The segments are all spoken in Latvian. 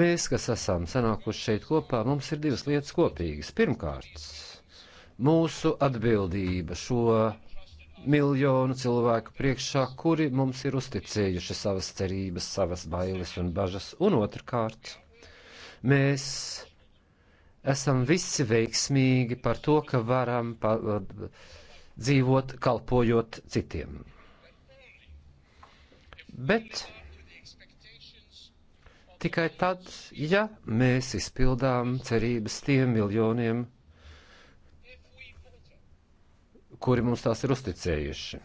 Mēs, kas esam sanākuši šeit kopā, mums ir divas lietas kopīgas. Pirmkārt, mūsu atbildība šo miljonu cilvēku priekšā, kuri mums ir uzticējuši savas cerības, savas bailes un bažas, un otrkārt, mēs esam visi veiksmīgi par to, ka varam pa, dzīvot, kalpojot citiem. Bet tikai tad, ja mēs izpildām cerības tiem miljoniem, kuri mums tās ir uzticējuši.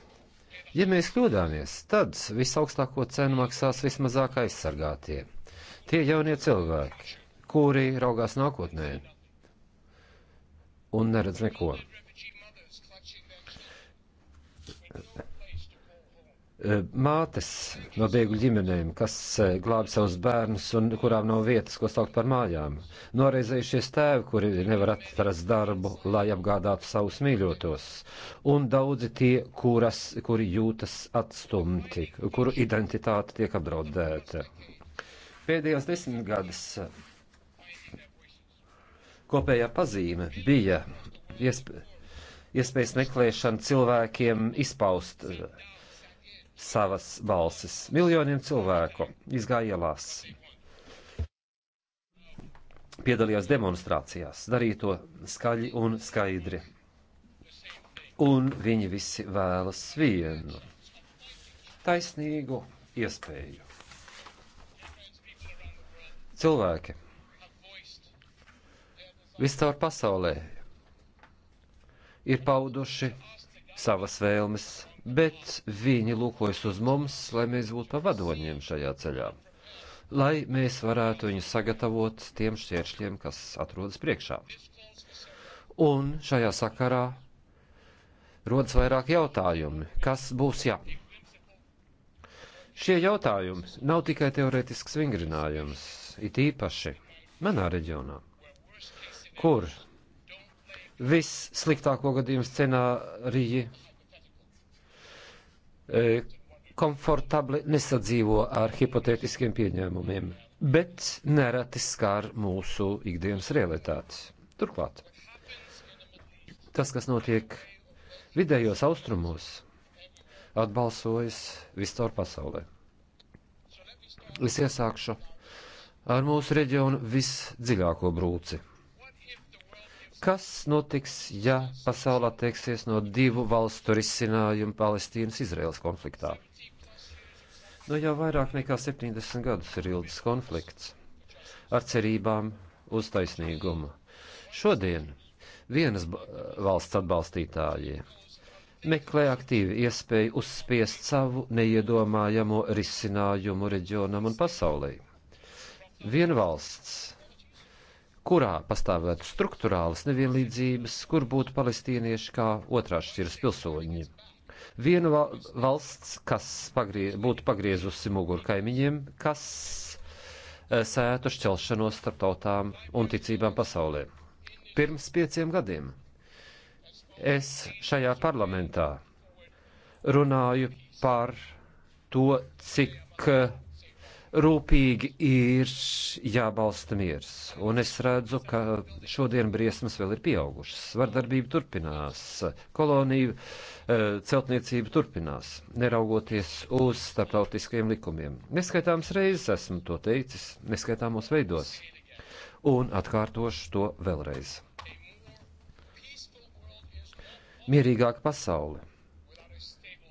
Ja mēs kļūdāmies, tad visaugstāko cenu maksās vismazāk aizsargātie. Tie jaunie cilvēki, kuri raugās nākotnē un neredz neko. Eh, mātes no bēgļu ģimenēm, kas eh, glābi savus bērnus un kurām nav vietas, ko saukt par mājām. Noreizējušies tēvi, kuri nevar atrast darbu, lai apgādātu savus mīļotos. Un daudzi tie, kuras, kuri jūtas atstumti, kuru identitāte tiek apdraudēta. Pēdējās desmitgades eh, kopējā pazīme bija iespējas meklēšana cilvēkiem izpaust savas balsis. Miljoniem cilvēku izgāja ielās, piedalījās demonstrācijās, darīja to skaļi un skaidri. Un viņi visi vēlas vienu taisnīgu iespēju. Cilvēki viscaur pasaulē ir pauduši savas vēlmes bet viņi lūkojas uz mums, lai mēs būtu pavadoņiem šajā ceļā, lai mēs varētu viņu sagatavot tiem šķēršļiem, kas atrodas priekšā. Un šajā sakarā rodas vairāk jautājumi, kas būs jā. Šie jautājumi nav tikai teorētisks vingrinājums, it īpaši manā reģionā, kur vissliktāko gadījumu scenāriji E, komfortabli nesadzīvo ar hipotētiskiem pieņēmumiem, bet nereti skār mūsu ikdienas realitātes. Turklāt, tas, kas notiek vidējos austrumos, atbalsojas viscaur pasaulē. Es iesākšu ar mūsu reģionu visdziļāko brūci Kas notiks, ja pasaulē attieksies no divu valstu risinājumu Palestīnas-Izraels konfliktā? Nu, jau vairāk nekā 70 gadus ir ilgs konflikts ar cerībām uz taisnīgumu. Šodien vienas valsts atbalstītāji meklē aktīvi iespēju uzspiest savu neiedomājamo risinājumu reģionam un pasaulē. Viena valsts kurā pastāvētu struktūrālas nevienlīdzības, kur būtu palestīnieši kā otrās šķiras pilsoņi. Viena valsts, kas pagrie, būtu pagriezusi muguru kaimiņiem, kas eh, sētu šķelšanos starp tautām un ticībām pasaulē. Pirms pieciem gadiem es šajā parlamentā runāju par to, cik eh, rūpīgi ir jābalsta miers, un es redzu, ka šodien briesmas vēl ir pieaugušas. Vardarbība turpinās, koloniju eh, celtniecība turpinās, neraugoties uz starptautiskajiem likumiem. Neskaitāms reizes esmu to teicis, neskaitāmos veidos, un atkārtošu to vēlreiz. Mierīgāka pasaule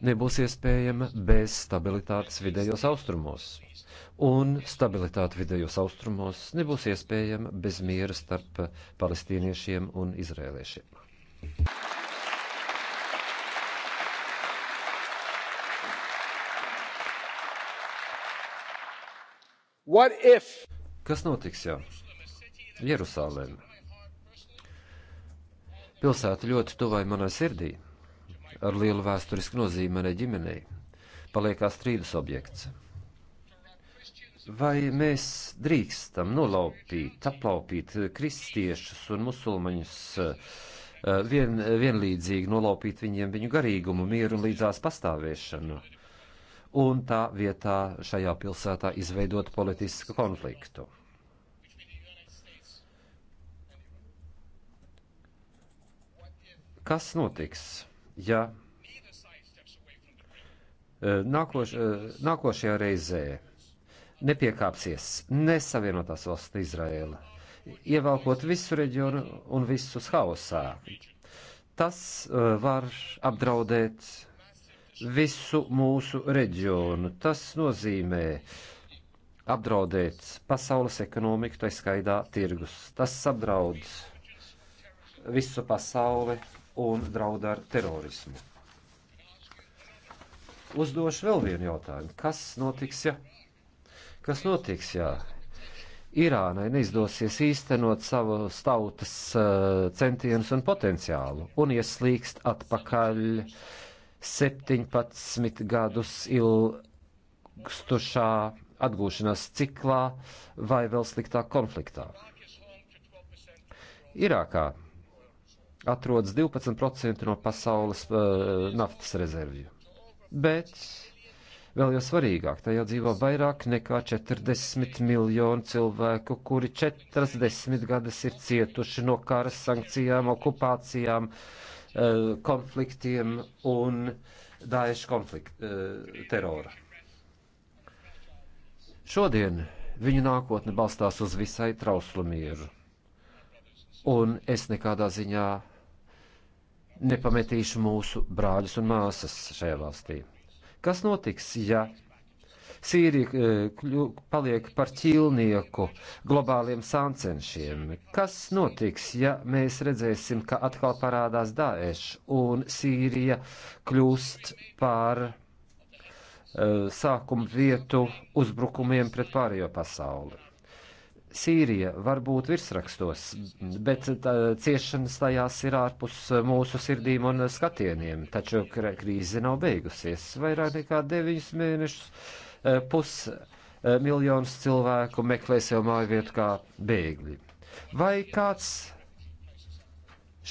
nebūs iespējama bez stabilitātes vidējos austrumos un stabilitāte vidējos austrumos nebūs iespējama bez miera starp palestīniešiem un izrēliešiem. Kas notiks, ja Jeruzaleme? Pilsēta ļoti tuvai manai sirdī, ar lielu vēsturisku nozīmi manai ģimenei, paliekās strīdus objekts. Vai mēs drīkstam nolaupīt, aplaupīt kristiešus un musulmaņus, eh, vien, vienlīdzīgi nolaupīt viņiem viņu garīgumu, mieru un līdzās pastāvēšanu? Un tā vietā šajā pilsētā izveidot politisku konfliktu. Kas notiks, ja eh, nākoš, eh, nākošajā reizē? nepiekāpsies nesavienotās valsts Izraēla, ievelkot visu reģionu un visus hausā. Tas uh, var apdraudēt visu mūsu reģionu. Tas nozīmē apdraudēt pasaules ekonomiku, tā skaidā tirgus. Tas apdraud visu pasauli un draud ar terorismu. Uzdošu vēl vienu jautājumu. Kas notiks, ja kas notiks, jā. Irānai neizdosies īstenot savu tautas eh, centienus un potenciālu un ieslīgst atpakaļ 17 gadus ilgstošā atgūšanās ciklā vai vēl sliktā konfliktā. Irākā atrodas 12% no pasaules uh, naftas rezervju, bet Vēl jau svarīgāk, tajā dzīvo vairāk nekā 40 miljonu cilvēku, kuri 40 gadus ir cietuši no kara sankcijām, okupācijām, eh, konfliktiem un Daesh konflikta eh, terora. Šodien viņu nākotne balstās uz visai trauslu mieru. Un es nekādā ziņā nepametīšu mūsu brāļus un māsas šajā valstī. Kas notiks, ja Sīrija eh, kļu, paliek par ķīlnieku globāliem sāncenšiem. Kas notiks, ja mēs redzēsim, ka atkal parādās Daesh un Sīrija kļūst par uh, eh, sākumu vietu uzbrukumiem pret pārējo pasauli? Sīrija var būt virsrakstos, bet tā, ciešanas tajās ir ārpus mūsu sirdīm un skatieniem, taču krīze nav beigusies. Vairāk nekā deviņus mēnešus eh, pus eh, miljonus cilvēku meklē sev māju vietu kā bēgļi. Vai kāds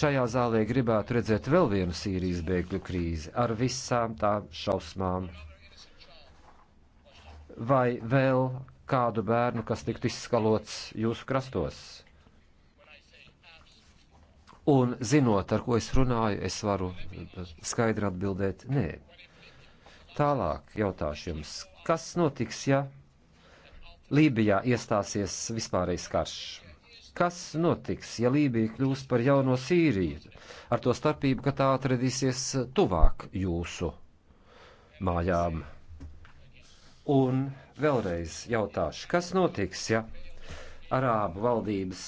šajā zālē gribētu redzēt vēl vienu Sīrijas bēgļu krīzi ar visām tām šausmām? Vai vēl kādu bērnu, kas tiktu izskalots jūsu krastos. Un zinot, ar ko es runāju, es varu skaidri atbildēt nē. Tālāk jautāšu jums, kas notiks, ja Lībijā iestāsies vispārējais karš? Kas notiks, ja Lībija kļūs par jauno Sīriju, ar to starpību, ka tā atradīsies tuvāk jūsu mājām? Un vēlreiz jautāšu, kas notiks, ja arābu valdības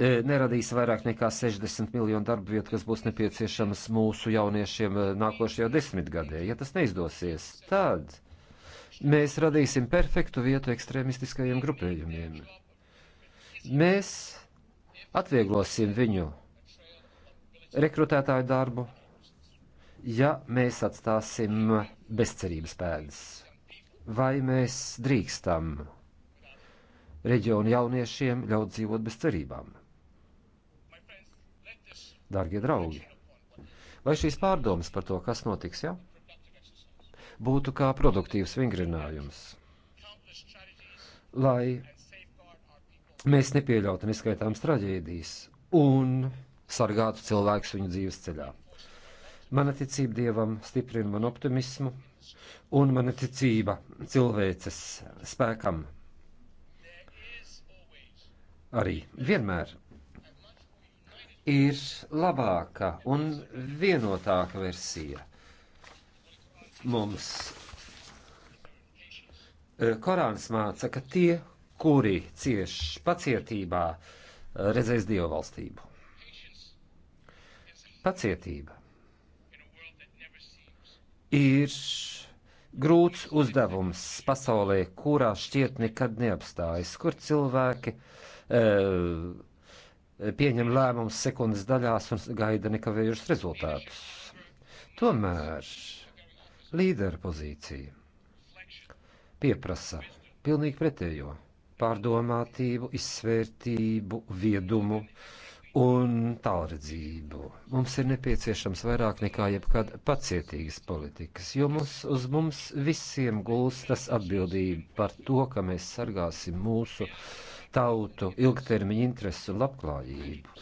e, neradīs vairāk nekā 60 miljonu darba vietu, kas būs nepieciešamas mūsu jauniešiem e, nākošajā desmitgadē. Ja tas neizdosies, tad mēs radīsim perfektu vietu ekstrēmistiskajiem grupējumiem. Mēs atvieglosim viņu rekrutētāju darbu, ja mēs atstāsim bezcerības pēdas? Vai mēs drīkstam reģionu jauniešiem ļaut dzīvot bez cerībām? Dārgie draugi, vai šīs pārdomas par to, kas notiks, ja? būtu kā produktīvs vingrinājums, lai mēs nepieļautu neskaitāmas traģēdijas un sargātu cilvēkus viņu dzīves ceļā. Mana ticība dievam stiprina manu optimismu, un mana ticība cilvēces spēkam arī vienmēr ir labāka un vienotāka versija mums. Eh, Korāns māca, ka tie, kuri cieš pacietībā, eh, redzēs dievu valstību. Pacietība ir grūts uzdevums pasaulē, kurā šķiet nekad neapstājas, kur cilvēki e, pieņem lēmumus sekundes daļās un gaida nekavējušas rezultātus. Tomēr līdera pozīcija pieprasa pilnīgi pretējo pārdomātību, izsvērtību, viedumu, uh, un tālredzību. Mums ir nepieciešams vairāk nekā jebkad pacietīgas politikas, jo mums, uz mums visiem gulstas atbildība par to, ka mēs sargāsim mūsu tautu ilgtermiņa interesu un labklājību,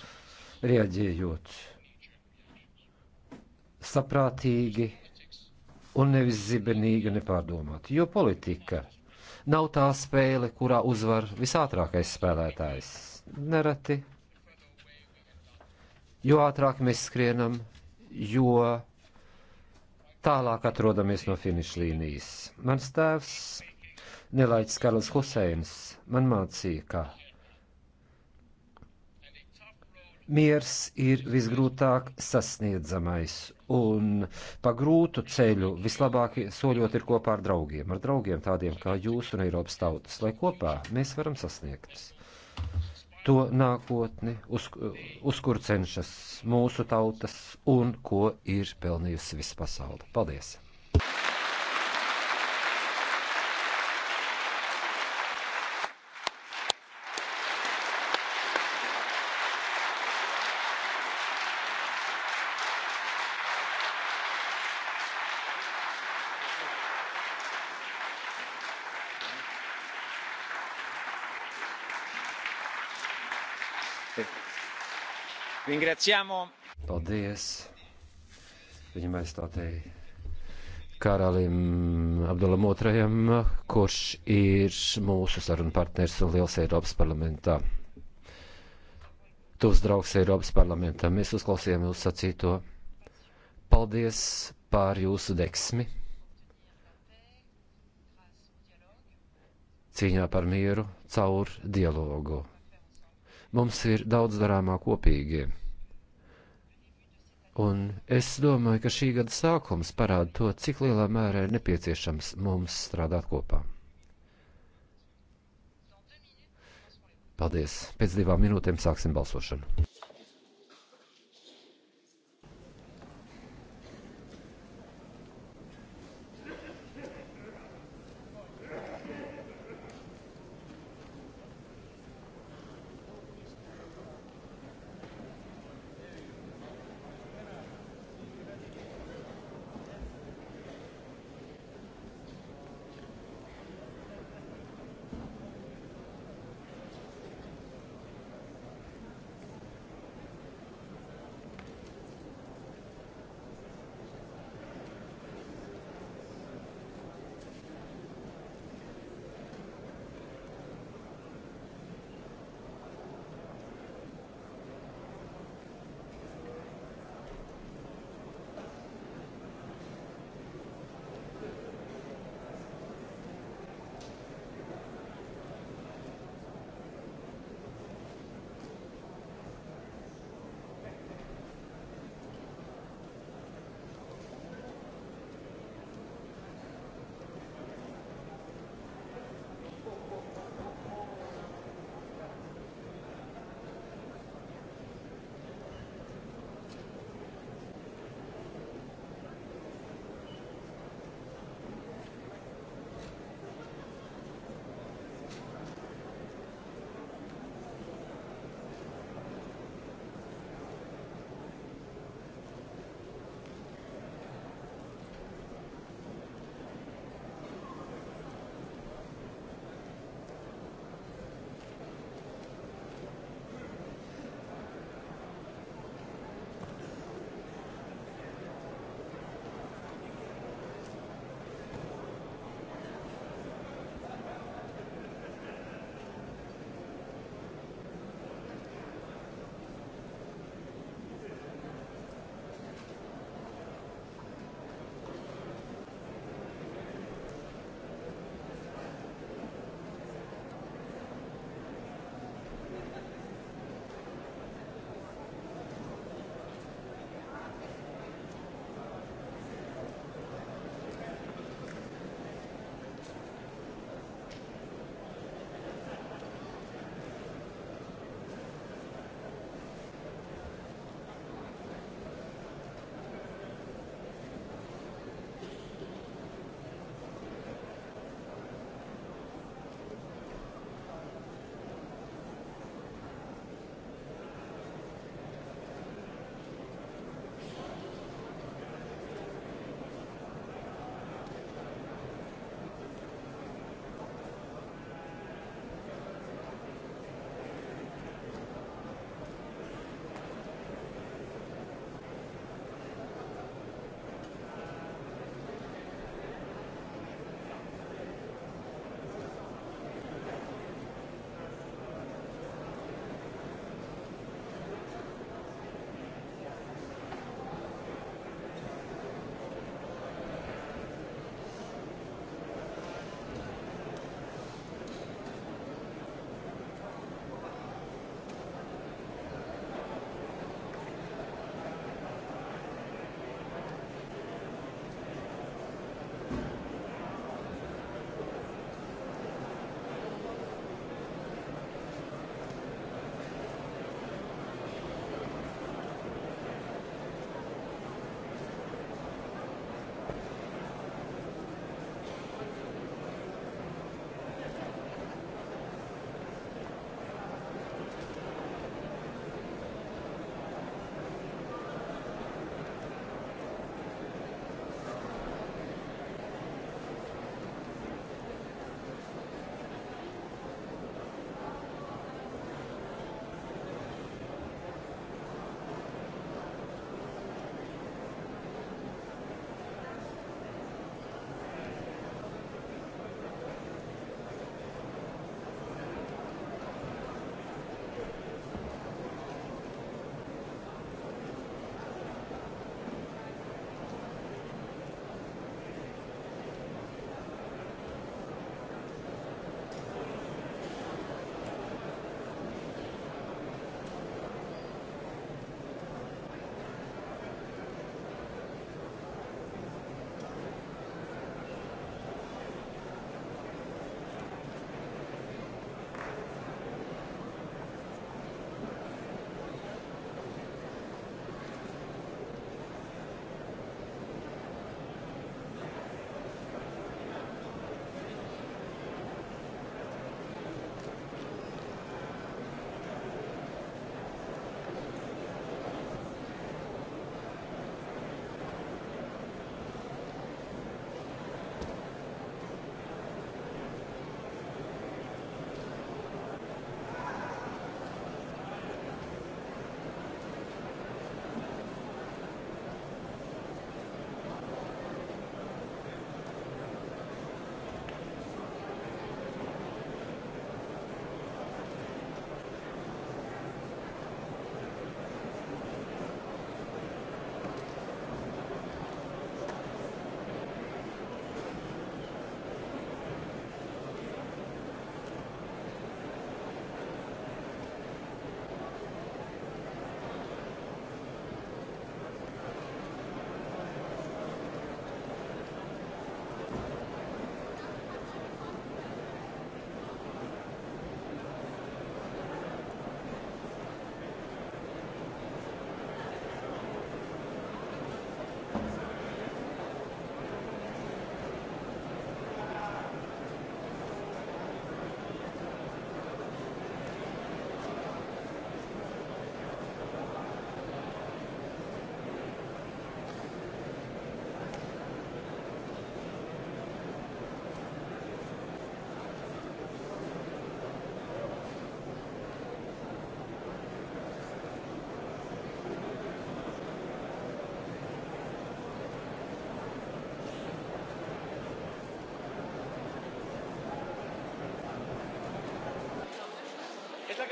rieģējot saprātīgi un nevis zibenīgi un nepārdomāti, jo politika nav tā spēle, kurā uzvar visātrākais spēlētājs. Nereti jo ātrāk mēs skrienam, jo tālāk atrodamies no finiša līnijas. Mans tēvs, Nelaiķis Karls Huseins, man mācīja, ka Miers ir visgrūtāk sasniedzamais, un pa grūtu ceļu vislabāk soļot ir kopā ar draugiem, ar draugiem tādiem kā jūs un Eiropas tautas, lai kopā mēs varam sasniegt to nākotni, uz, uz kur cenšas mūsu tautas un ko ir pelnījusi visa pasaule. Paldies! Paldies! Viņam aizstāvēja karalim Abdulam II, kurš ir mūsu sarunu partners un liels Eiropas parlamentā. Tuvs draugs Eiropas parlamentam. Mēs uzklausījām jūsu sacīto. Paldies par jūsu deksmi. Cīņā par mieru caur dialogu. Mums ir daudz darāmā kopīgi. Un es domāju, ka šī gada sākums parāda to, cik lielā mērā ir nepieciešams mums strādāt kopā. Paldies! Pēc divām minūtēm sāksim balsošanu.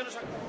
que nos acompaña.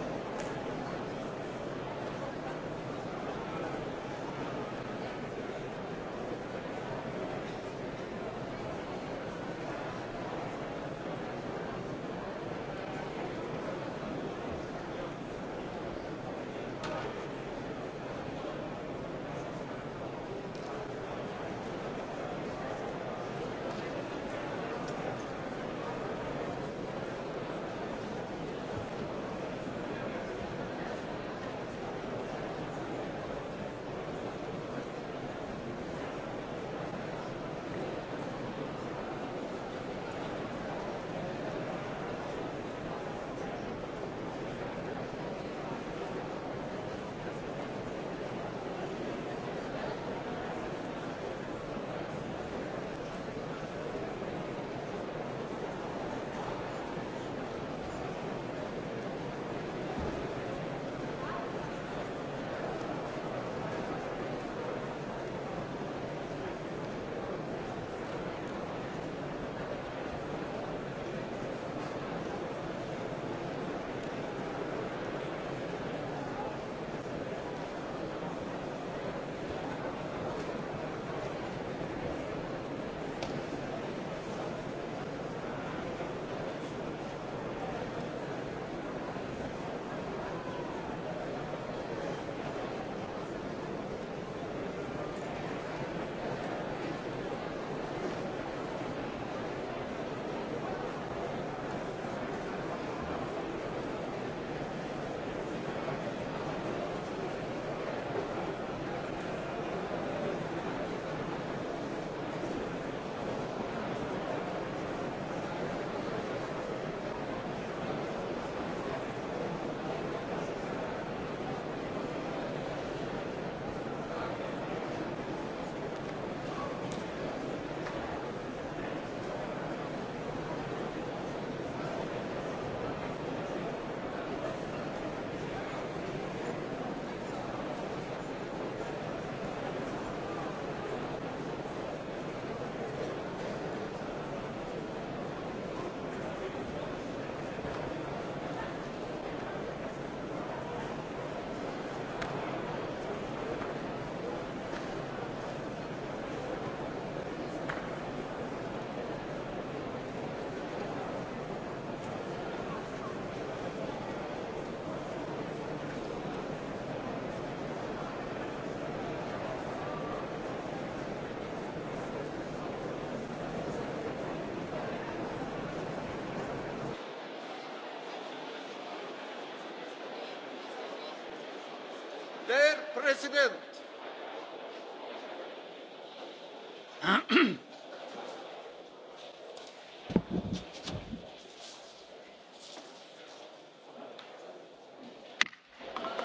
president.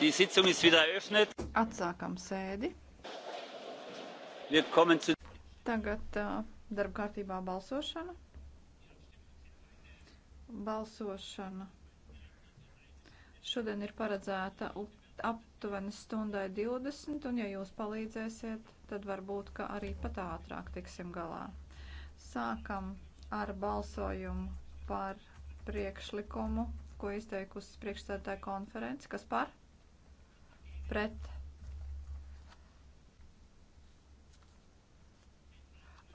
Die Sitzung ist wieder eröffnet. Atsākam sēdi. Wir kommen zu Tagad uh, darba kārtībā balsošana. Balsošana. Šodien ir paredzēta Ukrainas aptuveni stundai 20, un ja jūs palīdzēsiet, tad varbūt, ka arī pat ātrāk tiksim galā. Sākam ar balsojumu par priekšlikumu, ko izteikusi priekšstādātāja konference. Kas par? Pret.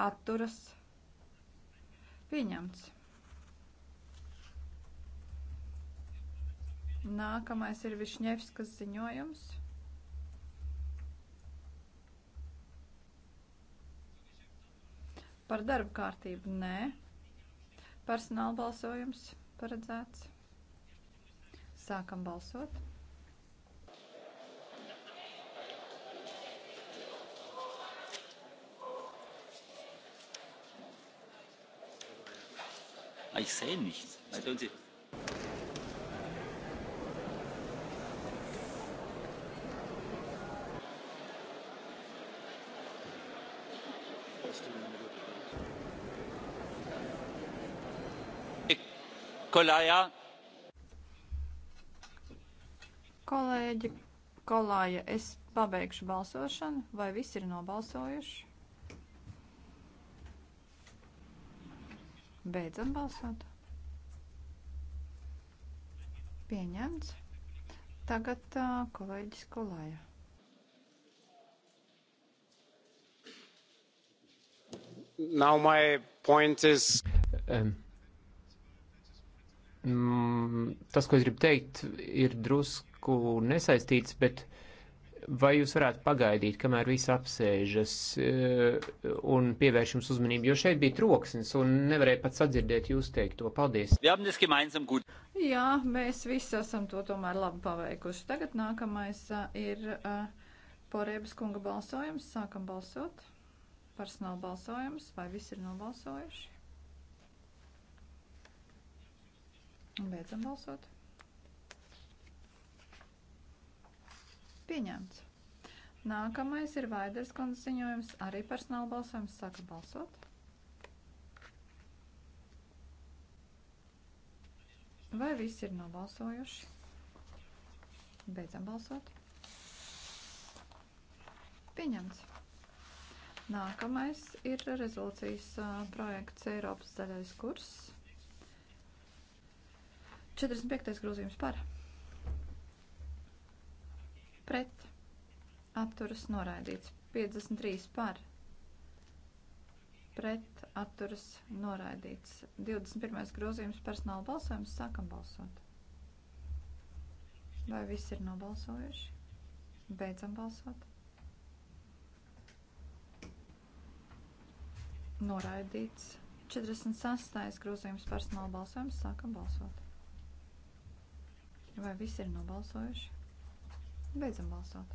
Atturas. Pieņemts. Nākamais ir Višņevskas ziņojums. Par darba kārtību nē. Personāla balsojums paredzēts. Sākam balsot. Ah, ich sehe nichts. I don't see. Kolājā. Kolēģi, kolāja, es pabeigšu balsošanu. Vai visi ir nobalsojuši? Beidzam balsot. Pieņemts. Tagad uh, kolēģis kolāja. Now my point is... Um Mm, tas, ko es gribu teikt, ir drusku nesaistīts, bet vai jūs varētu pagaidīt, kamēr viss apsēžas eh, un pievērš jums uzmanību, jo šeit bija troksnis un nevarēja pat sadzirdēt jūs teikt to. Paldies! Jā, mēs visi esam to tomēr labi paveikuši. Tagad nākamais eh, ir eh, porēbas kunga balsojums. Sākam balsot. Personāla balsojums. Vai visi ir nobalsojuši? Beidzam balsot. Pieņemts. Nākamais ir Vaiders kundzes ziņojums. Arī personāla balsojums saka balsot. Vai visi ir nobalsojuši? Beidzam balsot. Pieņemts. Nākamais ir rezolūcijas projekts Eiropas zaļais kurss. 45. grozījums par. Pret. Atturas noraidīts. 53 par. Pret. Atturas noraidīts. 21. grozījums personāla balsojums. Sākam balsot. Vai viss ir nobalsojuši? Beidzam balsot. Noraidīts. 46. grozījums personāla balsojums. Sākam balsot. Vai visi ir nobalsojuši? Beidzam balsot.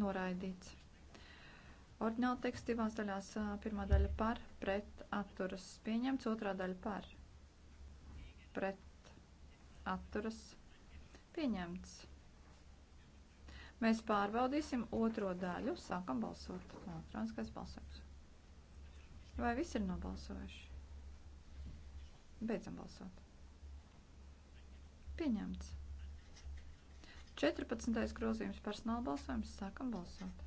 Noraidīts. Ordināla teksts divās daļās. Pirmā daļa par, pret, atturas pieņemts, otrā daļa par, pret, atturas pieņemts. Mēs pārbaudīsim otro daļu, sākam balsot. Elektroniskais balsojums. Vai visi ir nobalsojuši? Beidzam balsot. Pieņemts. 14. grozījums personāla balsojums. Sākam balsot.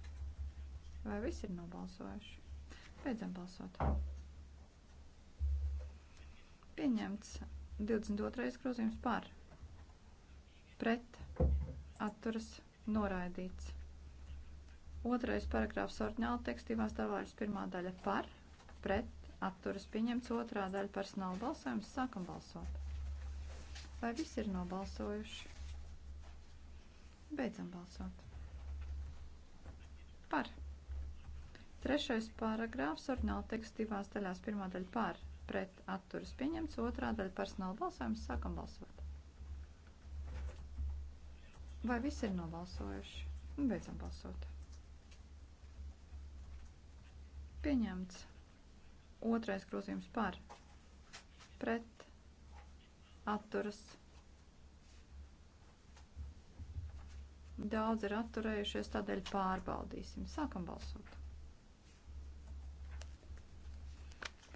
Vai visi ir nobalsojuši? Beidzam balsot. Pieņemts 22. grozījums par. Pret. Atturas. Noraidīts. Otrais paragrāfs orģināla tekstīvās davāļas pirmā daļa par. Pret atturas pieņemts otrā daļa personāla balsojums. Sākam balsot. Vai visi ir nobalsojuši? Beidzam balsot. Par. Trešais paragrāfs ordināla teksts divās daļās. Pirmā daļa par pret atturas pieņemts, otrā daļa personāla balsojums. Sākam balsot. Vai visi ir nobalsojuši? Beidzam balsot. Pieņemts. Otrais grozījums par pret atturas. Daudz ir atturējušies, tādēļ pārbaudīsim. Sākam balsot.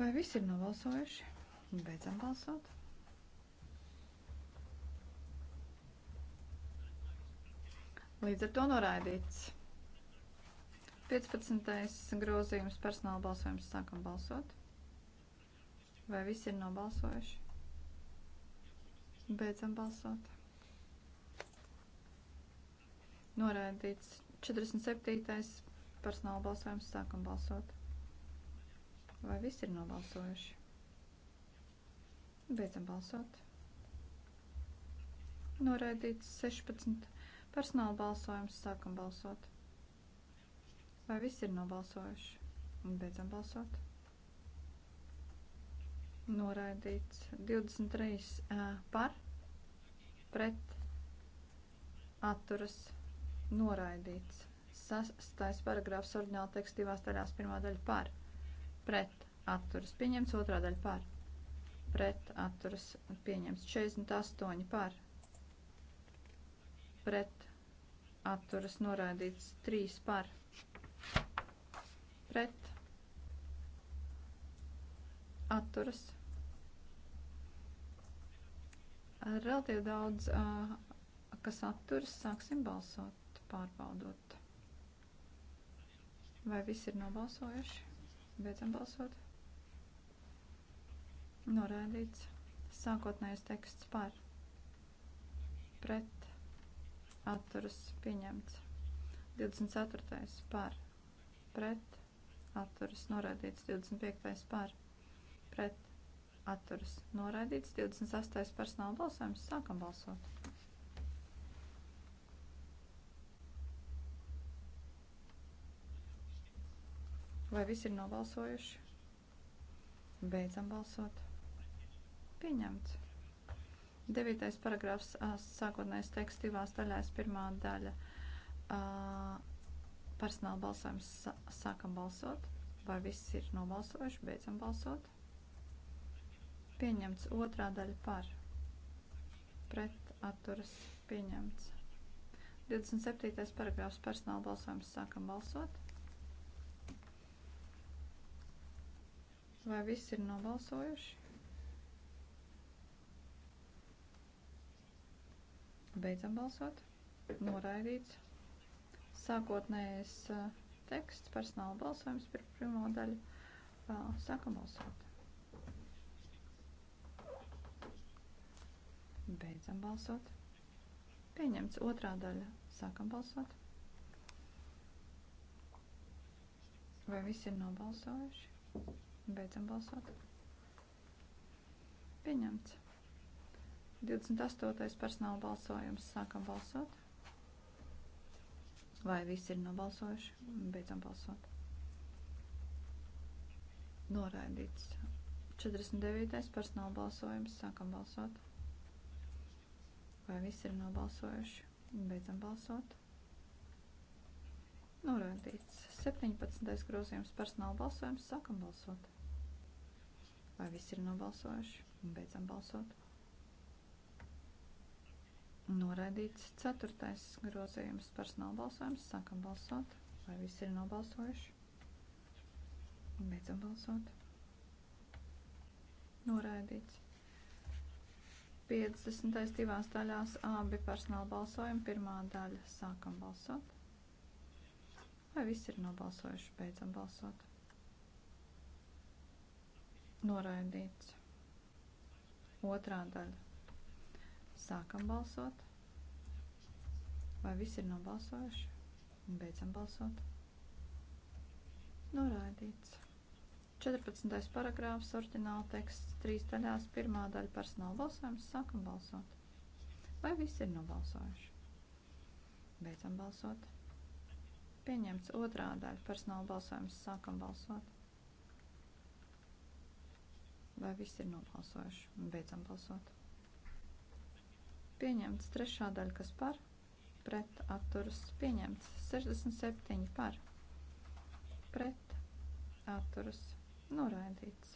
Vai visi ir nobalsojuši? Beidzam balsot. Līdz ar to noraidīts. 15. grozījums personāla balsojums. Sākam balsot. Vai visi ir nobalsojuši? Beidzam balsot. Noraidīts 47. personāla balsojums. Sākam balsot. Vai visi ir nobalsojuši? Beidzam balsot. Noraidīts 16. personāla balsojums. Sākam balsot. Vai viss ir nobalsojuši? Beidzam balsot. Noraidīts 23 par, pret, atturas, noraidīts. Sastais paragrāfs oriģināla teksta divās daļās. Pirmā daļa par, pret, atturas, pieņemts. Otrā daļa par, pret, atturas, pieņemts. 48 par, pret, atturas, noraidīts. 3 par, pret pret atturas. Relatīvi daudz, kas atturas, sāksim balsot, pārbaudot. Vai visi ir nobalsojuši? Beidzam balsot. Norādīts. Sākotnējais teksts par. Pret. Atturas pieņemts. 24. par. Pret atturas noraidīts 25. par pret atturas noraidīts 28. personāla balsojums. Sākam balsot. Vai visi ir nobalsojuši? Beidzam balsot. Pieņemts. 9. paragrāfs sākotnējais teksts divās daļās. Pirmā daļa. Uh, Personāla balsojums sākam balsot. Vai viss ir nobalsojuši? Beidzam balsot. Pieņemts otrā daļa par. Pret atturas pieņemts. 27. paragrāfs personāla balsojums sākam balsot. Vai viss ir nobalsojuši? Beidzam balsot. Noraidīts. Sākotnējais teksts, personāla balsojums par pirmo daļu. Sākam balsot. Beidzam balsot. Pieņemts otrā daļa. Sākam balsot. Vai visi ir nobalsojuši? Beidzam balsot. Pieņemts. 28. personāla balsojums. Sākam balsot. Vai visi ir nobalsojuši? Beidzam balsot. Noraidīts. 49. personāla balsojums. Sākam balsot. Vai visi ir nobalsojuši? Beidzam balsot. Noraidīts. 17. grozījums personāla balsojums. Sākam balsot. Vai visi ir nobalsojuši? Beidzam balsot. Noraidīts ceturtais grozījums personāla balsojums. Sākam balsot. Vai visi ir nobalsojuši? Beidzam balsot. Noraidīts. 50. divās daļās abi personāla balsojumi. Pirmā daļa. Sākam balsot. Vai visi ir nobalsojuši? Beidzam balsot. Noraidīts. Otrā daļa Sākam balsot. Vai viss ir nobalsojuši? Beidzam balsot. Norādīts. 14. paragrāfs, orģināla teksts, trīs daļās, pirmā daļa personāla balsojums, sākam balsot. Vai visi ir nobalsojuši? Beidzam balsot. Pieņemts otrā daļa personāla balsojums, sākam balsot. Vai visi ir nobalsojuši? Beidzam balsot. Pieņemts trešā daļa, kas par, pret atturas pieņemts. 67 par, pret atturas noraidīts.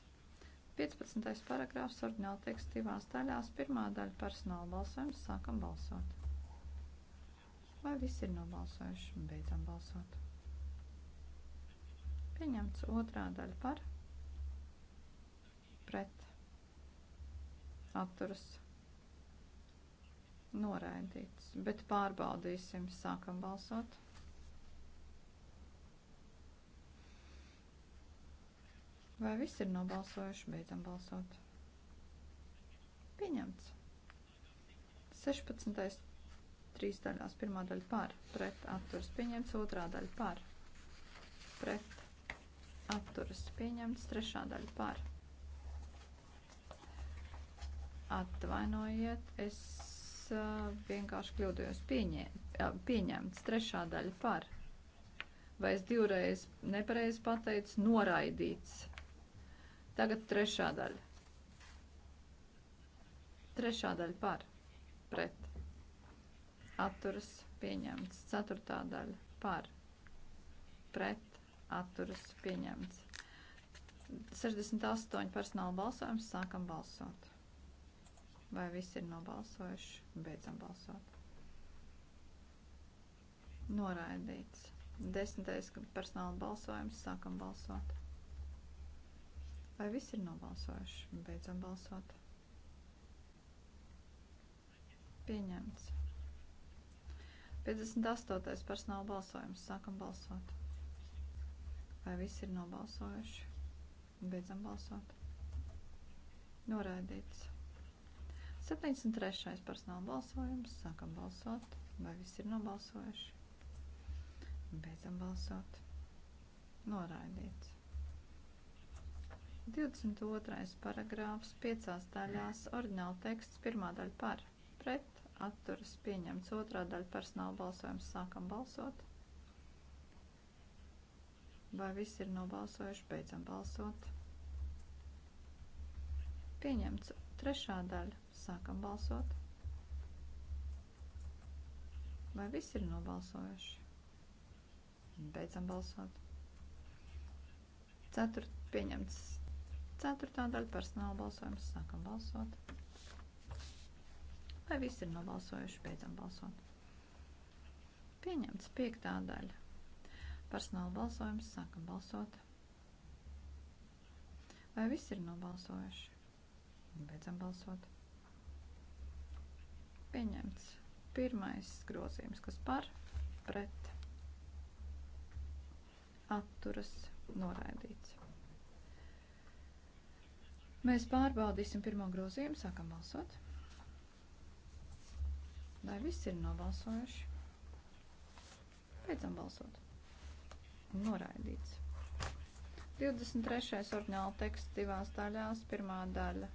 15. paragrāfs ordināla teksta divās daļās. Pirmā daļa personāla balsojums. Sākam balsot. Vai visi ir nobalsojuši un beidzam balsot? Pieņemts otrā daļa par pret atturas noraidīts Noraidīts. Bet pārbaudīsim. Sākam balsot. Vai viss ir nobalsojuši? Beidzam balsot. Pieņemts. 16. trīs daļās. Pirmā daļa par. Pret atturas pieņemts. Otrā daļa par. Pret atturas pieņemts. Trešā daļa par. Atvainojiet. Es vienkārši kļūdījos pieņē, pieņemts. Trešā daļa par. Vai es divreiz nepareizi pateicu, noraidīts. Tagad trešā daļa. Trešā daļa par. Pret. Atturas pieņemts. Ceturtā daļa par. Pret. Atturas pieņemts. 68 personāla balsojums. Sākam balsot. Vai viss ir nobalsojuši? Beidzam balsot. Noraidīts. Desmitais personāla balsojums. Sākam balsot. Vai viss ir nobalsojuši? Beidzam balsot. Pieņemts. 58. personāla balsojums. Sākam balsot. Vai viss ir nobalsojuši? Beidzam balsot. Noraidīts. 73. personāla balsojums. Sākam balsot. Vai viss ir nobalsojuši? Beidzam balsot. Noraidīts. 22. paragrāfs 5. daļās oriģināla teksts pirmā daļa par pret atturas pieņemts otrā daļa personāla balsojums sākam balsot. Vai viss ir nobalsojuši? Beidzam balsot. Pieņemts trešā daļa Sākam balsot. Vai viss ir nobalsojuši? Beidzam balsot. Ceturt, pieņemts ceturtā daļa personāla balsojums. Sākam balsot. Vai viss ir nobalsojuši? Beidzam balsot. Pieņemts piektā daļa. Personāla balsojums. Sākam balsot. Vai viss ir nobalsojuši? Beidzam balsot. Pieņemts. Pirmais grozījums, kas par, pret, atturas, noraidīts. Mēs pārbaudīsim pirmo grozījumu, sākam balsot. Lai viss ir nobalsojuši. Beidzam balsot. Noraidīts. 23. orģināla teksts divās daļās. Pirmā daļa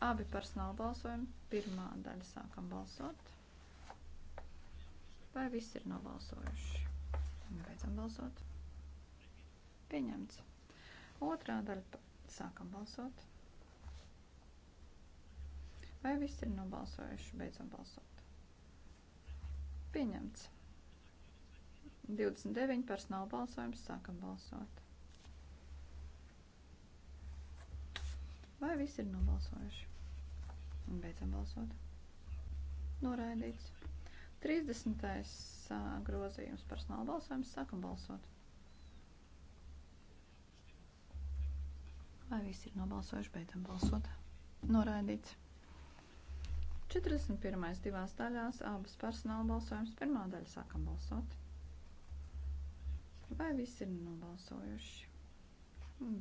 Abi personāla balsojumi. Pirmā daļa sākam balsot. Vai viss ir nobalsojuši? Beidzam balsot. Pieņemts. Otrā daļa sākam balsot. Vai viss ir nobalsojuši? Beidzam balsot. Pieņemts. 29 personāla balsojums. Sākam balsot. Vai viss ir nobalsojuši? Beidzam balsot. Noraidīts. 30. grozījums personāla balsojums. Sākam balsot. Vai visi ir nobalsojuši? Beidzam balsot. Noraidīts. 41. divās daļās abas personāla balsojums. Pirmā daļa sākam balsot. Vai visi ir nobalsojuši?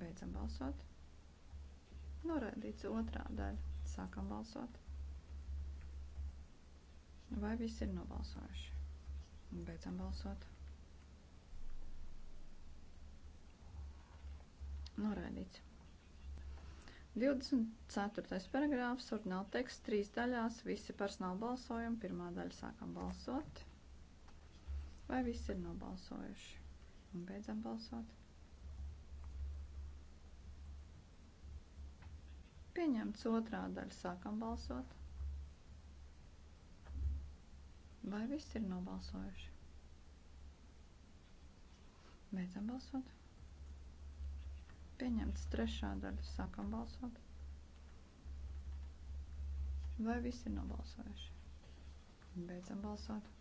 Beidzam balsot. Noraidīts otrā daļa. Sākam balsot. Vai viss ir nobalsojuši? Beidzam balsot. Noraidīts. 24. paragrāfs, ordināla teksts, trīs daļās, visi personāla balsojumi, pirmā daļa sākam balsot. Vai visi ir nobalsojuši? Un beidzam balsot. Pieņemts otrā daļa. Sākam balsot. Vai viss ir nobalsojuši? Beidzam balsot. Pieņemts trešā daļa. Sākam balsot. Vai viss ir nobalsojuši? Beidzam balsot.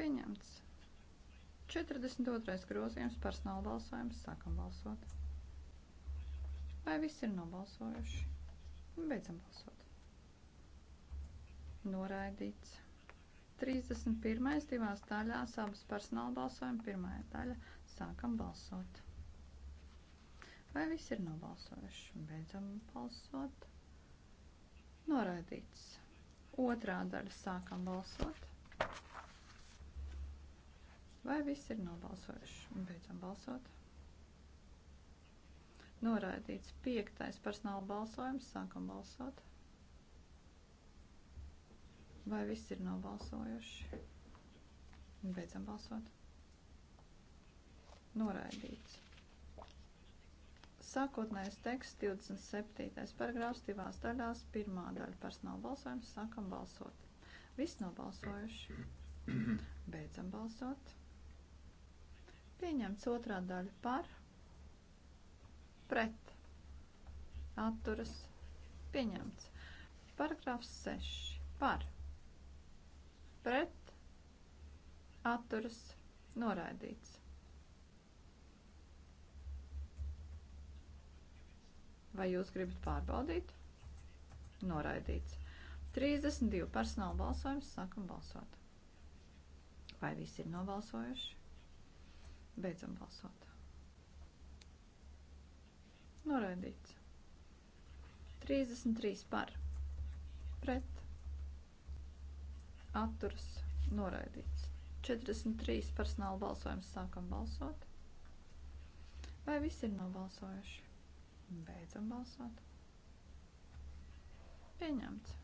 Pieņemts. 42. grozījums personāla balsojums. Sākam balsot. Vai viss ir nobalsojuši? Nu, beidzam balsot. Noraidīts. 31. divās daļās abas personāla balsojuma pirmā daļa. Sākam balsot. Vai viss ir nobalsojuši? Beidzam balsot. Noraidīts. Otrā daļa sākam balsot. Vai viss ir nobalsojuši? Beidzam balsot. Noraidīts piektais personāla balsojums. Sākam balsot. Vai viss ir nobalsojuši? Beidzam balsot. Noraidīts. Sākotnējais teksts 27. paragrāfs divās daļās. Pirmā daļa personāla balsojums. Sākam balsot. Viss nobalsojuši. Beidzam balsot. Pieņemts otrā daļa par pret atturas pieņemts. Paragrāfs 6 par pret atturas noraidīts. Vai jūs gribat pārbaudīt? Noraidīts. 32 personāla balsojums sākam balsot. Vai visi ir nobalsojuši? Beidzam balsot. Noraidīts. 33 par. Pret. Atturs. Noraidīts. 43 personāla balsojums. Sākam balsot. Vai visi ir nobalsojuši? Beidzam balsot. Pieņemts.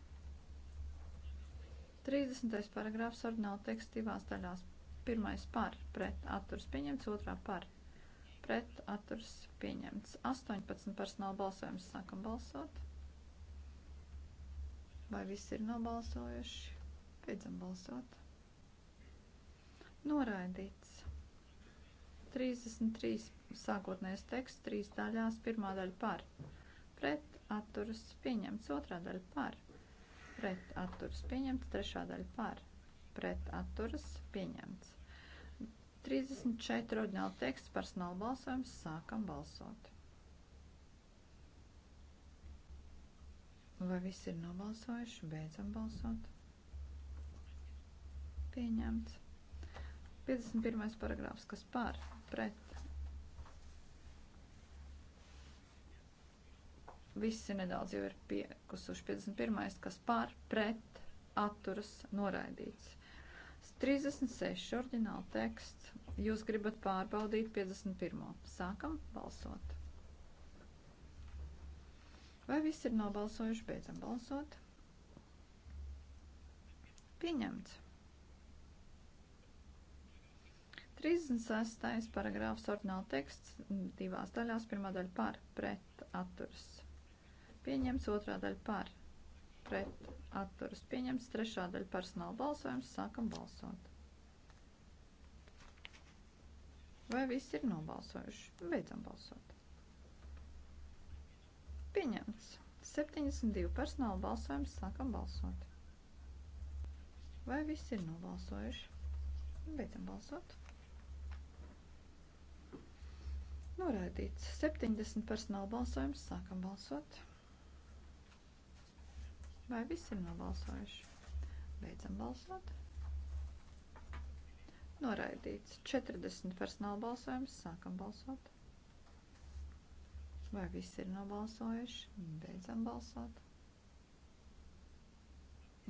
30. paragrāfs ordināla teksts divās daļās. Pirmais par pret atturs pieņemts, otrā par pret atturs pieņemts. 18 personāla balsojums sākam balsot. Vai visi ir nobalsojuši? Beidzam balsot. Noraidīts. 33 sākotnējais teksts, 3 daļās, pirmā daļa par. Pret atturas pieņemts, otrā daļa par. Pret atturas pieņemts, trešā daļa par. Pret atturas pieņemts. 34 oriģināla teksts personāla balsojums. Sākam balsot. Vai visi ir nobalsojuši? Beidzam balsot. Pieņemts. 51. paragrāfs, kas pār, pret. Visi nedaudz jau ir piekusuši. 51. kas pār, pret, atturas, noraidīts. 36. Ordināla teksts. Jūs gribat pārbaudīt 51. Sākam balsot. Vai viss ir nobalsojuši? Beidzam balsot. Pieņemts. 36. paragrāfs ordināla teksts divās daļās. Pirmā daļa par pret atturs. Pieņemts otrā daļa par pret atturas pieņemts. Trešā daļa personāla balsojums. Sākam balsot. Vai viss ir nobalsojuši? Beidzam balsot. Pieņemts. 72 personāla balsojums. Sākam balsot. Vai viss ir nobalsojuši? Beidzam balsot. Noraidīts. 70 personāla balsojums. Sākam balsot. Vai viss ir nobalsojuši? Beidzam balsot. Noraidīts. 40 personāla balsojums. Sākam balsot. Vai viss ir nobalsojuši? Beidzam balsot.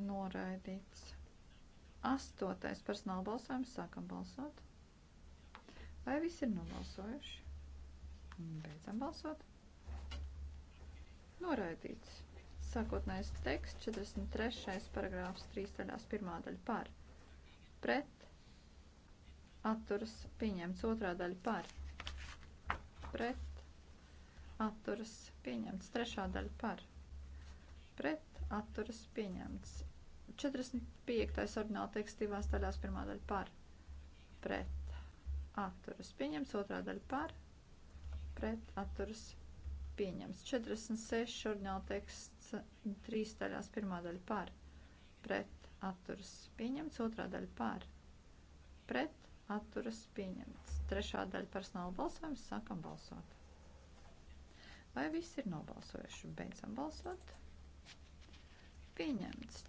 Noraidīts. Astotais personāla balsojums. Sākam balsot. Vai viss ir nobalsojuši? Beidzam balsot. Noraidīts. Sākotnējais teksts, 43. paragrāfs, 3 daļās, 1 daļa par, pret, atturas, pieņemts, 2 daļa par, pret, atturas, pieņemts, 3 daļa par, pret, atturas, pieņemts, 45. ordināla teksts, 2 daļās, 1 daļa par, pret, atturas, pieņemts, 2 daļa par, pret, atturas, pieņemts, 46. ordināla teksts, trīs daļās. Pirmā daļa par, pret, atturas pieņemts. Otrā daļa par, pret, atturas pieņemts. Trešā daļa personāla balsojums. Sākam balsot. Vai viss ir nobalsojuši? Beidzam balsot. Pieņemts.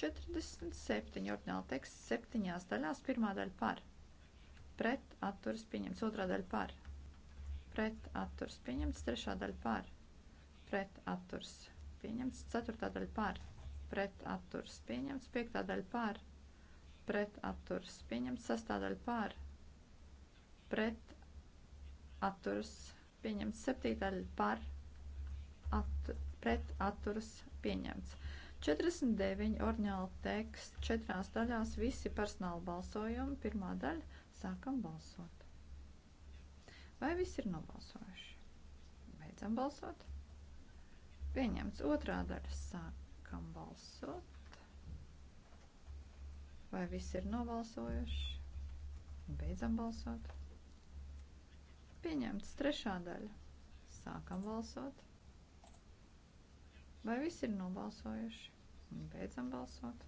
47. Ordināla teksts septiņās daļās. Pirmā daļa par, pret, atturas pieņemts. Otrā daļa par, pret, atturas pieņemts. Trešā daļa par, pret, atturas pieņemts pieņemts, 4. daļa par pret atturas pieņemts, 5. daļa par pret atturas pieņemts, 6. daļa par pret atturas pieņemts, 7. daļa par at, pret atturas pieņemts. 49 orģināla teksts, četrās daļās visi personāla balsojumi, pirmā daļa, sākam balsot. Vai visi ir nobalsojuši? Beidzam balsot. Pieņemts otrā daļa. Sākam balsot. Vai viss ir nobalsojuši? Beidzam balsot. Pieņemts trešā daļa. Sākam balsot. Vai viss ir nobalsojuši? Beidzam balsot.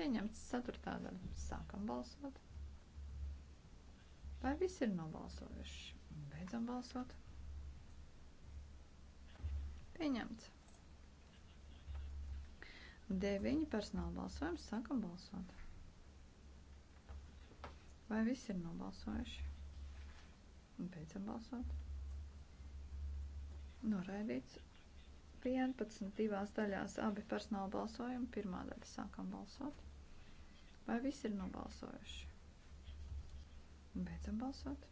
Pieņemts ceturtā daļa. Sākam balsot. Vai viss ir nobalsojuši? Beidzam balsot. Pieņemts. Deviņi personāla balsojums. Sākam balsot. Vai viss ir nobalsojuši? Un beidzam balsot. Noraidīts. 11 divās daļās abi personāla balsojumi. Pirmā daļa sākam balsot. Vai viss ir nobalsojuši? Un beidzam balsot.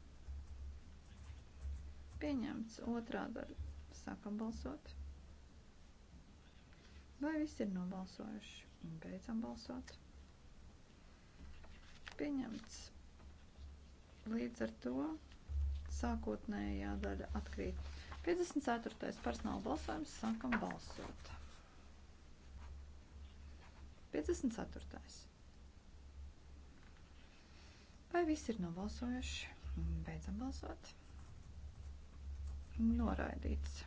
Pieņemts otrā daļa Sākam balsot. Vai viss ir nobalsojuši? Un beidzam balsot. Pieņemts. Līdz ar to sākotnējā daļa atkrīt. 54. personāla balsojums. Sākam balsot. 54. Vai viss ir nobalsojuši? Beidzam balsot. Noraidīts.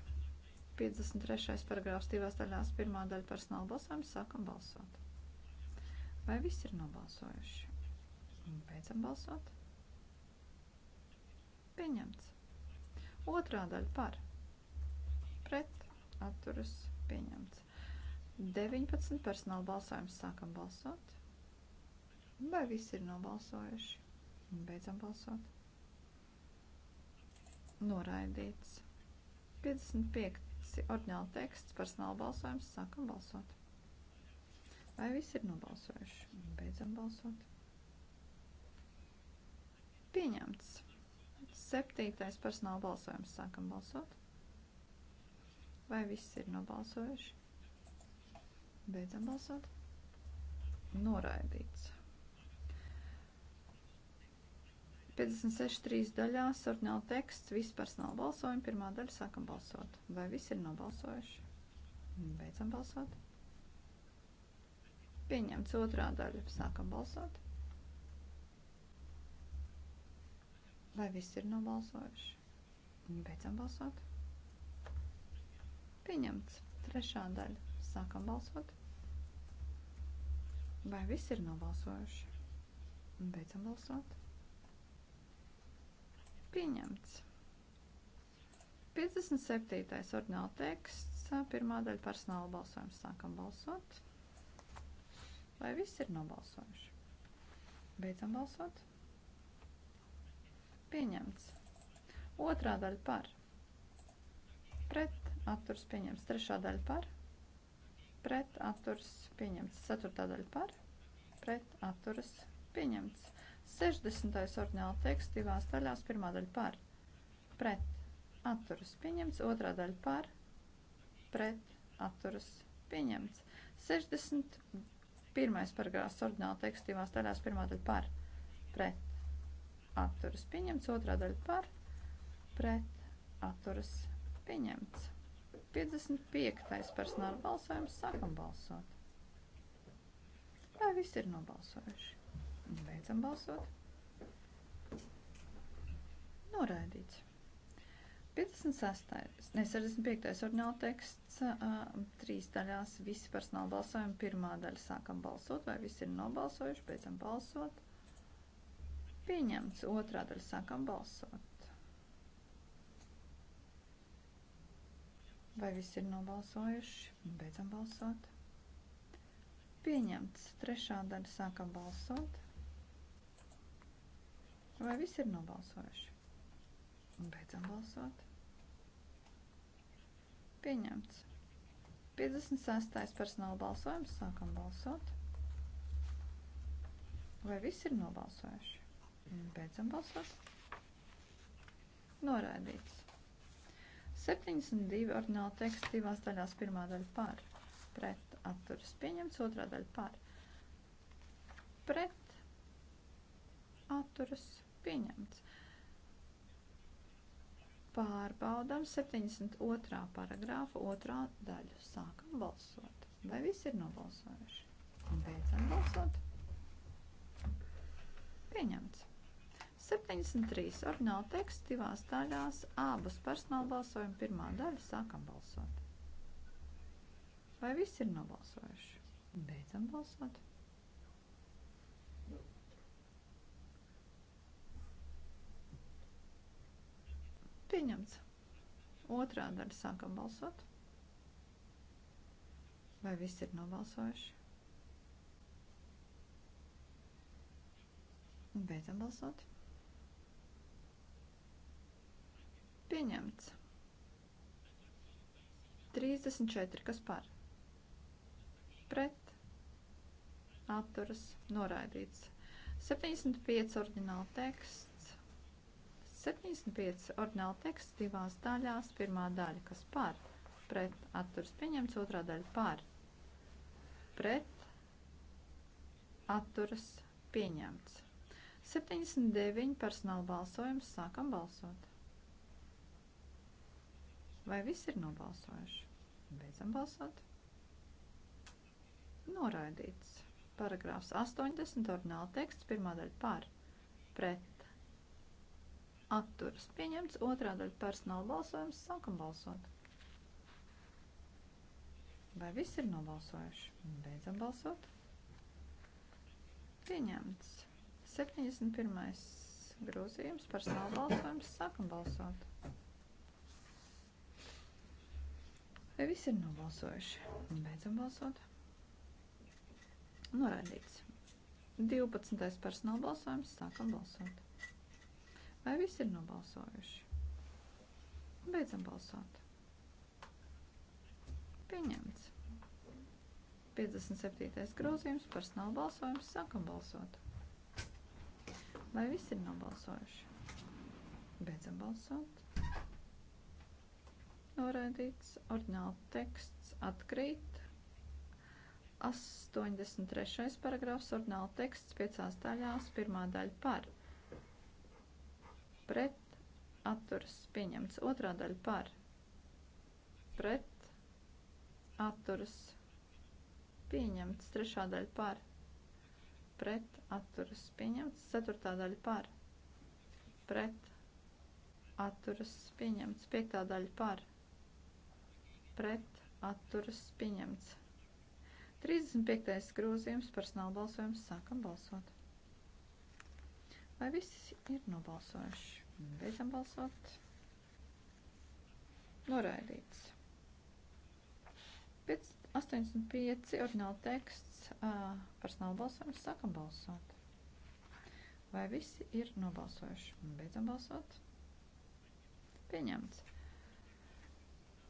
53. paragrāfs divās daļās, pirmā daļa personāla balsojuma, sākam balsot. Vai viss ir nobalsojuši? Un beidzam balsot. Pieņemts. Otrā daļa par. Pret. Atturas. Pieņemts. 19 personāla balsojums sākam balsot. Vai visi ir nobalsojuši? Un beidzam balsot. Noraidīts. 55. 5. Ordināla teksts. Personāla balsojums. Sākam balsot. Vai visi ir nobalsojuši? Beidzam balsot. Pieņemts. 7. Personāla balsojums. Sākam balsot. Vai viss ir nobalsojuši? Beidzam balsot. Noraidīts. 56, 3 daļās, orģināla teksts, viss personāla balsojumi, pirmā daļa sākam balsot. Vai visi ir nobalsojuši? Beidzam balsot. Pieņemts otrā daļa, sākam balsot. Vai visi ir nobalsojuši? Beidzam balsot. Pieņemts trešā daļa, sākam balsot. Vai visi ir nobalsojuši? Beidzam balsot. Pieņemts. 57. ordināla teksts, pirmā daļa personāla balsojums. Sākam balsot. Vai viss ir nobalsojuši? Beidzam balsot. Pieņemts. Otrā daļa par. Pret atturs pieņemts. Trešā daļa par. Pret atturs pieņemts. Ceturtā daļa par. Pret atturs pieņemts. 60. ordināla teksts divās daļās. Pirmā daļa par, pret, atturas pieņemts. Otrā daļa par, pret, atturas pieņemts. 61. paragrāfs ordināla teksts divās daļās. Pirmā daļa par, pret, atturas pieņemts. Otrā daļa par, pret, atturas pieņemts. 55. personāla balsojums sākam balsot. Vai visi ir nobalsojuši? Beidzam balsot. Noraidīts. 56. Ne, 65. ordināla teksts, uh, trīs daļās, visi personāla balsojumi, pirmā daļa sākam balsot, vai visi ir nobalsojuši, beidzam balsot. Pieņemts, otrā daļa sākam balsot. Vai visi ir nobalsojuši, beidzam balsot. Pieņemts, trešā daļa sākam balsot. Vai viss ir nobalsojuši? Beidzam balsot. Pieņemts. 56. personāla balsojums. Sākam balsot. Vai viss ir nobalsojuši? Beidzam balsot. Noraidīts. 72 orģināla teksts divās daļās. Pirmā daļa par. Pret atturas pieņemts. Otrā daļa par. Pret atturas pieņemts pieņemts. Pārbaudam 72. paragrāfa otrā daļu. Sākam balsot. Vai visi ir nobalsojuši? Un beidzam balsot. Pieņemts. 73. Orģināla teksts divās daļās, abas personāla balsojuma pirmā daļa. Sākam balsot. Vai visi ir nobalsojuši? Beidzam balsot. pieņemts. Otrā daļa sākam balsot. Vai viss ir nobalsojuši? Beidzam balsot. Pieņemts. 34. Kas par? Pret. Atturas. Noraidīts. 75. Ordināla teksts. 75 ordināla teksts divās daļās. Pirmā daļa, kas par, pret atturas pieņemts, otrā daļa par, pret atturas pieņemts. 79 personāla balsojums. Sākam balsot. Vai viss ir nobalsojuši? Beidzam balsot. Noraidīts. Paragrāfs 80, ordināla teksts, pirmā daļa par, pret, atturas. Pieņemts otrā daļa personāla balsojums. Sākam balsot. Vai viss ir nobalsojuši? Beidzam balsot. Pieņemts. 71. grozījums personāla balsojums. Sākam balsot. Vai viss ir nobalsojuši? Beidzam balsot. Noraidīts. 12. personāla balsojums. Sākam balsot. Vai viss ir nobalsojuši? Beidzam balsot. Pieņemts. 57. grozījums, personāla balsojums, sākam balsot. Vai viss ir nobalsojuši? Beidzam balsot. Noraidīts, ordināli teksts atkrīt. 83. paragrāfs, ordināli teksts piecās daļās, pirmā daļa par pret atturas pieņemts. Otrā daļa par pret atturas pieņemts. Trešā daļa par pret atturas pieņemts. Ceturtā daļa par pret atturas pieņemts. Piektā daļa par pret atturas pieņemts. 35. grozījums personāla balsojums sākam balsot. Vai viss ir nobalsojuši? Beidzam balsot. Noraidīts. 5, 85 orģināla teksts uh, personāla balsojums. Sākam balsot. Vai visi ir nobalsojuši? Beidzam balsot. Pieņemts.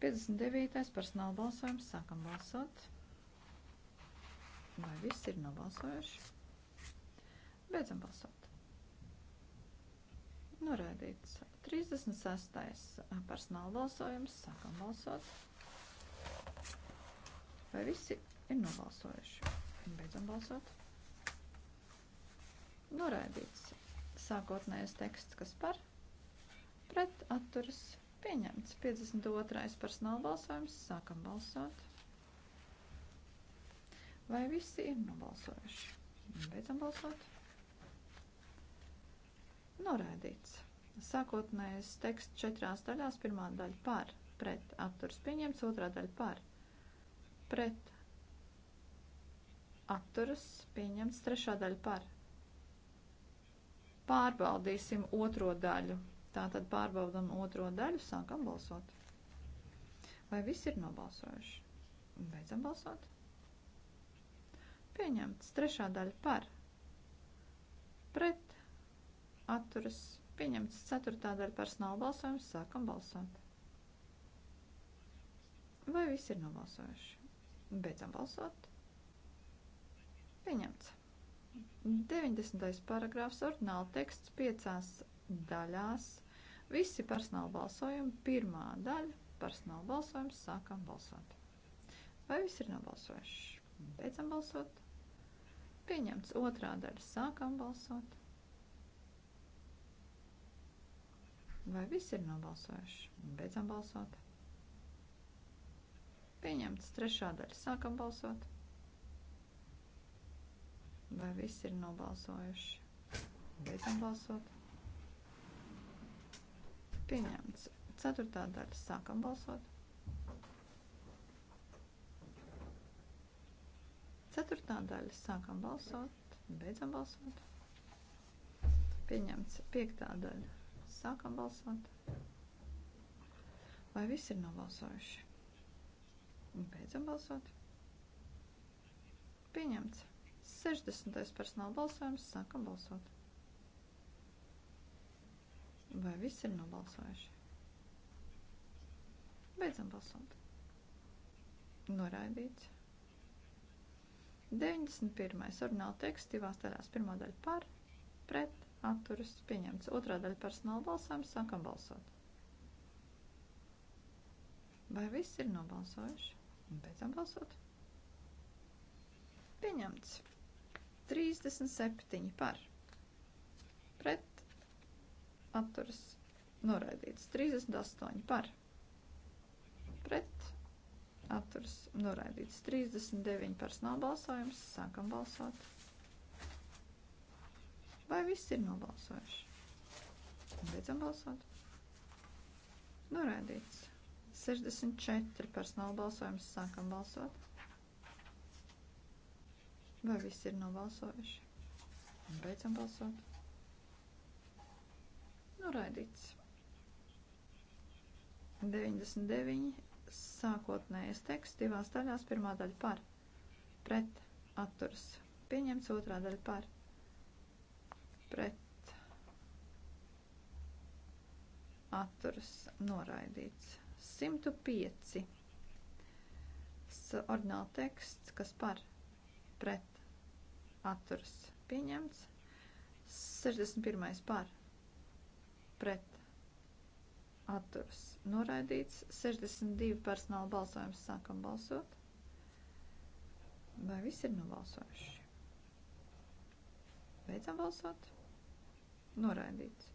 59. personāla balsojums. Sākam balsot. Vai visi ir nobalsojuši? Beidzam balsot. Norādīts. 36. personāla balsojums. Sākam balsot. Vai visi ir nobalsojuši? Beidzam balsot. Norādīts. Sākotnējais teksts, kas par pret atturas pieņemts. 52. personāla balsojums. Sākam balsot. Vai visi ir nobalsojuši? Beidzam balsot. Noraidīts. Sākotnējais teksts četrās daļās. Pirmā daļa par, pret, atturs pieņemts. Otrā daļa par, pret, atturs pieņemts. Trešā daļa par. Pārbaudīsim otro daļu. Tātad pārbaudam otro daļu, sākam balsot. Vai visi ir nobalsojuši? Beidzam balsot. Pieņemts. Trešā daļa par. Pret atturas pieņemts. Ceturtā daļa personāla balsojums. Sākam balsot. Vai visi ir nobalsojuši? Beidzam balsot. Pieņemts. 90. paragrāfs ordināla teksts piecās daļās. Visi personāla balsojumi. Pirmā daļa personāla balsojums. Sākam balsot. Vai visi ir nobalsojuši? Beidzam balsot. Pieņemts. Otrā daļa. Sākam balsot. Vai viss ir nobalsojuši? Beidzam balsot. Pieņemts trešā daļa. Sākam balsot. Vai viss ir nobalsojuši? Beidzam balsot. Pieņemts ceturtā daļa. Sākam balsot. Ceturtā daļa. Sākam balsot. Beidzam balsot. Pieņemts piektā daļa. Sākam balsot. Vai viss ir nobalsojuši? Beidzam balsot. Pieņemts. 60. personāla balsojums. Sākam balsot. Vai viss ir nobalsojuši? Beidzam balsot. Noraidīts. 91. Orināla teksts divās daļās. Pirmā daļa par, pret, atturas pieņemts. Otrā daļa personāla balsojums. Sākam balsot. Vai viss ir nobalsojuši? Un beidzam balsot. Pieņemts. 37 par. Pret. Atturas noraidīts. 38 par. Pret. Atturas noraidīts. 39 personāla balsojums. Sākam balsot. Vai viss ir nobalsojuši? Beidzam balsot. Norādīts. 64 personāla balsojums. Sākam balsot. Vai viss ir nobalsojuši? Beidzam balsot. Norādīts. 99 sākotnējais teksts divās daļās. Pirmā daļa par, pret, atturas. Pieņemts otrā daļa par, pret atturas noraidīts. 105. Ordināla teksts, kas par pret atturas pieņemts. 61. par pret atturas noraidīts. 62. personāla balsojums sākam balsot. Vai visi ir nobalsojuši? Beidzam balsot noraidīts.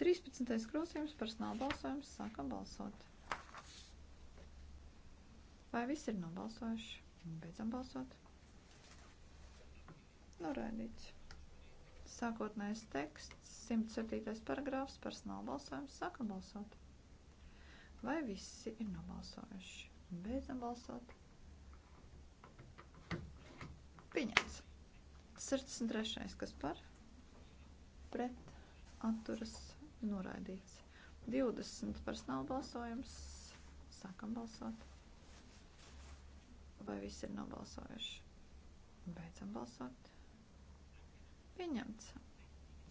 13. grozījums personāla balsojums. Sākam balsot. Vai viss ir nobalsojuši? Beidzam balsot. Noraidīts. Sākotnējais teksts, 107. paragrāfs, personāla balsojums. Sākam balsot. Vai visi ir nobalsojuši? Beidzam balsot. Pieņemts. 63. kas par? pret atturas noraidīts. 20 personāla balsojums. Sākam balsot. Vai visi ir nobalsojuši? Beidzam balsot. Pieņemts.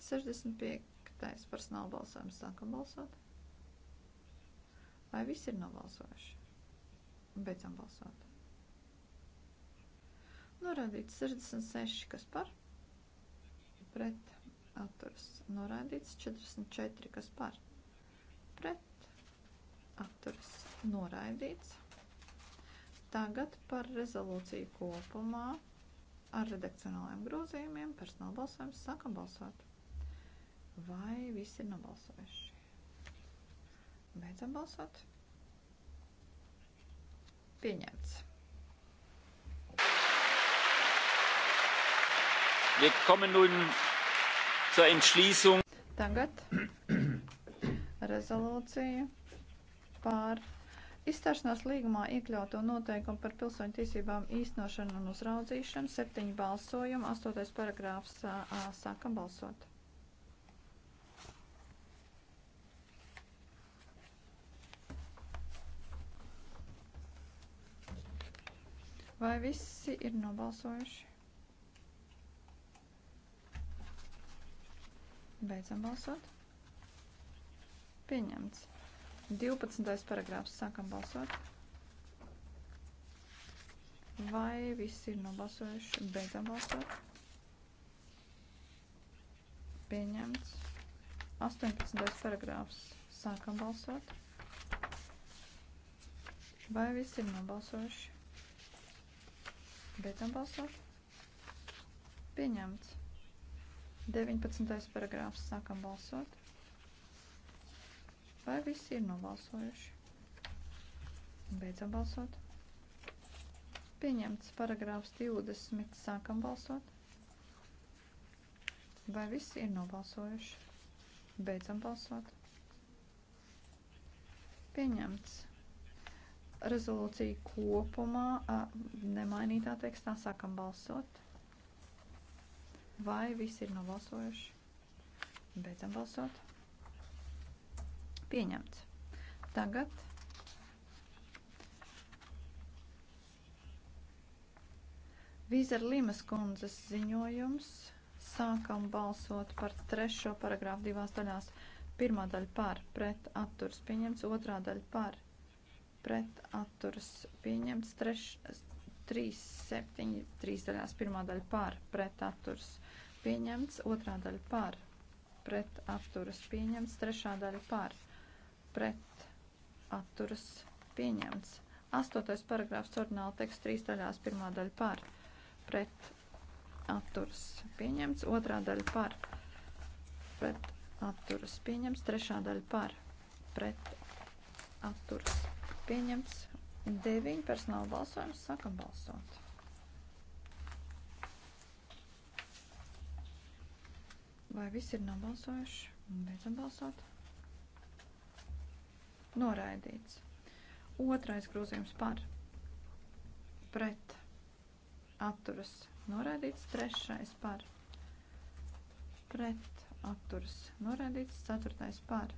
65. personāla balsojums. Sākam balsot. Vai visi ir nobalsojuši? Beidzam balsot. Norādīts 66, kas par pret atturas noraidīts, 44, kas par pret atturas noraidīts. Tagad par rezolūciju kopumā ar redakcionālajiem grozījumiem personāla balsojums sākam balsot. Vai visi ir nobalsojuši? Beidzam balsot. Pieņemts. Wir kommen nun zur Entschließung. Tagad rezolūcija pār izstāšanās līgumā iekļauto noteikumu par pilsoņu tiesībām īstenošanu un uzraudzīšanu. Septiņi balsojumi, astotais paragrāfs sākam balsot. Vai visi ir nobalsojuši? Beidzam balsot. Pieņemts. 12. paragrāfs. Sākam balsot. Vai visi ir nobalsojuši? Beidzam balsot. Pieņemts. 18. paragrāfs. Sākam balsot. Vai visi ir nobalsojuši? Beidzam balsot. Pieņemts. 19. paragrāfs. Sākam balsot. Vai visi ir nobalsojuši? Beidzam balsot. Pieņemts paragrāfs 20. Sākam balsot. Vai visi ir nobalsojuši? Beidzam balsot. Pieņemts. Rezolūcija kopumā nemainītā tekstā sākam balsot. Vai visi ir nobalsojuši? Beidzam balsot. Pieņemts. Tagad Vīzera Limas kundzes ziņojums. Sākam balsot par trešo paragrāfu divās daļās. Pirmā daļa par pret atturs pieņemts, otrā daļa par pret atturs pieņemts, treš, trīs, septiņi, trīs daļās, pirmā daļa par pret atturs pieņemts pieņemts, otrā daļa par, pret atturas pieņemts, trešā daļa par, pret atturas pieņemts. Astotais paragrāfs ordināla teksta trīs daļās, pirmā daļa par, pret atturas pieņemts, otrā daļa par, pret atturas pieņemts, trešā daļa par, pret atturas pieņemts, deviņi personāla balsojums, sākam balsot. Vai viss ir nobalsojuši? Beidzam balsot. Noraidīts. Otrais grozījums par. Pret. Atturas. Noraidīts. Trešais par. Pret. Atturas. Noraidīts. Ceturtais par.